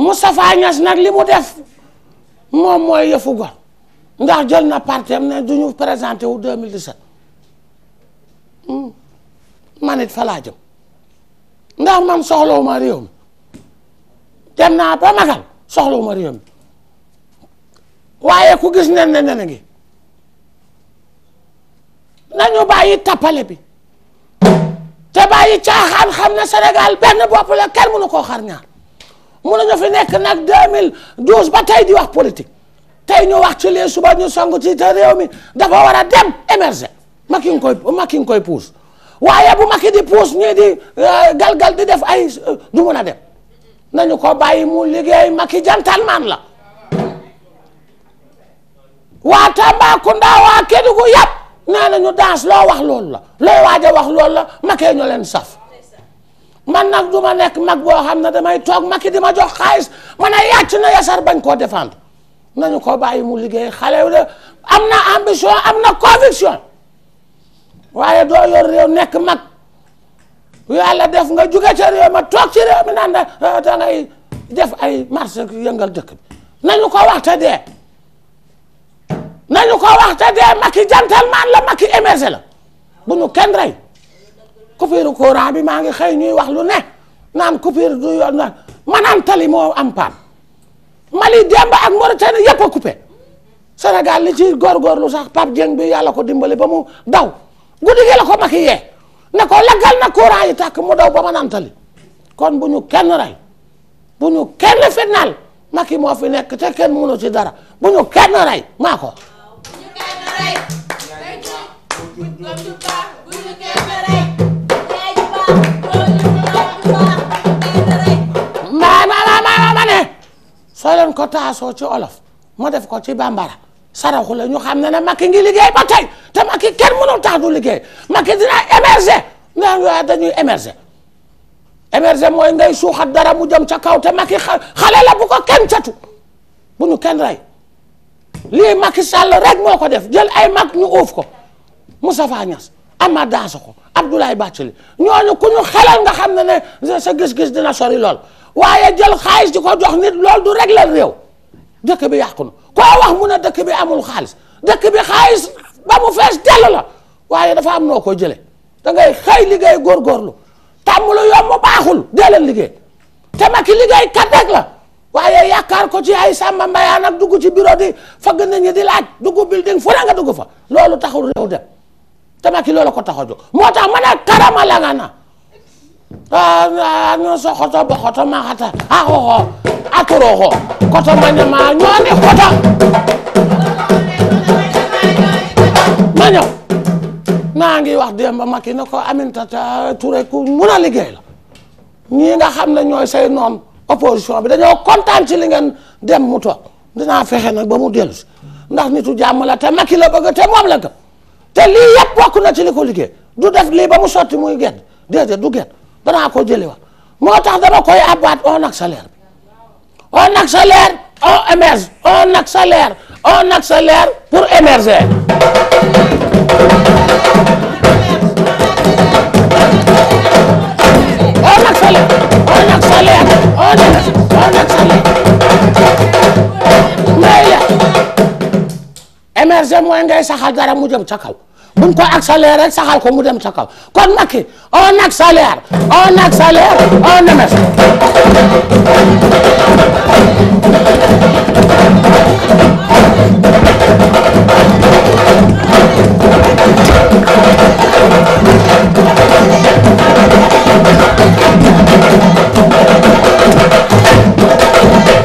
Moustapha Niass nag li mu def moom mooy yëfu gor ndax jël na partem na du ñu présenté wu 2017 hmm. man it fa laa jëm ndax man soxlawuma réew mi dem naa ba magal soxlawuma réew mi waaye ku gis nen ne nena ngi nañu bàyyi tappale bi te bàyyi caaxaan xam ne Sénégal benn bopp la kenn mënu koo xar mu ne ñu fi nekk nag 2012 ba tey di wax politique tey ñu wax ci lii suba ñu song ci te mi dafa war a dem émerger Macky nga koy koy puus waaye bu Macky di puus ñii di euh, galgal di def ay euh, du mun a dem nañu ko bàyyi mu liggéey Macky gentleman la waa Tambacounda waa Kédougou yàpp nee nañu danse loo wax loolu la looy waaj a wax loolu la Macky ñu leen saf man nag du ma nekk mag boo xam ne damay toog Macky di ma jox xaalis man a na yasar bañ koo défendre nañu ko bàyyi mu liggéey xale la na ambition doo yor réew nekk def nga jóge ah, ay marché dëkk bi ko wax dee nañu ko wax te dee Macky gentleman la Macky la bu ñu kenn coupure courant bi maa ngi xëy ñuy wax lu ne naan coupure du yoon na manaan tali moo am paan Mali démb ak Mauritanie yëpp a coupé senegal li ci góorgóorlu sax Pape Dieng bi yàlla ko dimbali ba mu daw guddi gi la ko maki yee ne ko laggal na courant yi tàkk mu daw ba manaan tali kon bu ñu kenn rey bu ñu kenn fitnaal maki moo fi nekk te kenn mënu ci dara bu ñu kenn rey maa ko bañ ko taasoo ci olof mu def ko ci bambara saraxu la ñu xam ne ne Macky ngi liggéey ba tey te Macky kenn mënul tax du liggéey Macky dina émerger mooy ngay suuxat dara mu jëm ca kaw te Macky xale la bu ko kenn catu bu ñu kenn rey lii Macky Sall rek moo ko def jël ay mag ñu uuf ko Moustapha Niass Amath Dansokho Abdoulaye Bathily ñooñu ku ñu xelal nga xam ne sa gis-gis dina sori lool waaye jël xaalis di ko jox nit loolu du réglal réew dëkk bi yàqu na koo wax mu ne dëkk bi amul xaalis dëkk bi xaalis ba mu fees dell la waaye dafa am noo ko jële danga ngay xëy liggéey góorgóorlu tàmm lu yomb baaxul dee leen liggéey te liggéey kat rek waaye yaakaar ko ci ay sàmba mbayaan ak ci bureau di fagg nit ñi di laaj dugg building fu ne nga fa loolu taxul réew dem te loolu ko tax a moo tax ma ne karama la anonso koto bo koto makata ahoho atoroho koto ngi wax démb Macky ne ko Aminata Touré ku mun a liggéey la ñii nga xam ne ñooy say noon opposition bi dañoo kontaan ci li ngeen dem mu toog dinaa fexe nag ba mu dellu ndax nitu jàmm la te Macky la bëgg te moom la gëm te lii yëpp bokk na ci li ko liggéey du def lii ba mu sotti muy gedd déedéet du gedd danaa ko jëliwaat moo tax dama koy abaat on accélère bi on accélère on émerge on accélère on accélère pour émerger on accélère on accélère on émerge on accélère ngay la émerger mooy ngay saxal dara mu jëm ca kaw buñ ko accéléré rek saxal ko mu dem ca kaw kon Macky on accélère on accélère on émerge